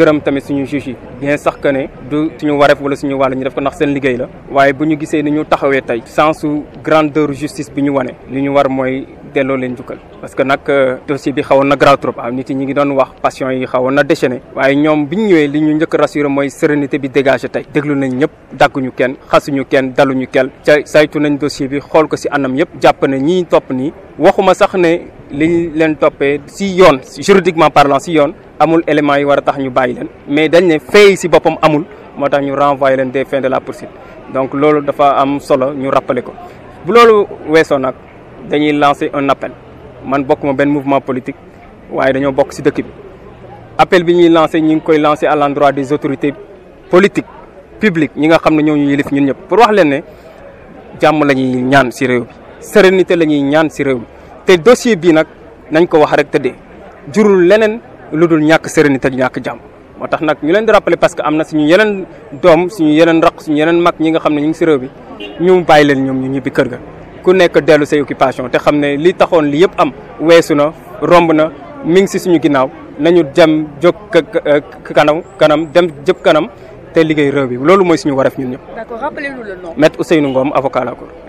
gërëm tamit suñu juge yi bien sax que ne du suñu wareef wala suñu wàll ñu def ko ndax seen liggéey la waaye bu ñu gisee ni ñu taxawee tey sensu grandeur justice bi ñu wane li ñu war mooy delloo leen jukkal parce que nag euh, dossier bi xawoon na grave trop waaw nit yi ñu ngi doon wax passion yi xawoon na déchaîné waaye ñoom bi ñu ñëwee ñu njëkk rassuré mooy sérénité bi dégagé tey déglu nañ ñëpp dagguñu kenn xasuñu kenn daluñu kel saytu nañ dossier bi xool ko si anam yëpp jàpp ne ñi topp nii waxuma sax ne li leen toppee si yoon juridiquement parlant si yoon amul élément yi war tax ñu bàyyi leen mais dañ ne fay si boppam amul moo tax ñu renvoyé leen des fins de la poursuite donc loolu dafa am solo ñu rappelé ko dañuy lancer un appel man bokk ma benn mouvement politique waaye dañoo bokk si dëkk bi appel bi ñuy lancer ñu ngi koy lancer à l'endroit des autorités politiques publiques ñi nga xam ne ñoo ñu yilif ñun ñëpp pour wax leen ne jàmm la ñuy ñaan si réew bi sérénité la ñuy ñaan si réew bi te dossier bii nag nañ ko wax rek tëddee jurul leneen lu dul ñàkk sérénité ñàkk jàmm. moo tax nag ñu leen di rappeler parce que am na suñu yeneen doom suñu yeneen raq suñu yeneen mag ñi nga xam ne ñu ngi ci réew bi ñu bàyyi leen ñoom ñu ñibbi kër ga. ku nekk dellu say occupation te xam ne li taxoon li yëpp am weesu na romb na mi ngi si suñu ginnaaw nañu dem jóg kanam kanam dem jëpp kanam te liggéey réew bi loolu mooy suñu waraf ñun ñëpp. D'accord, rappelez-nous le nom. avocat la Cour.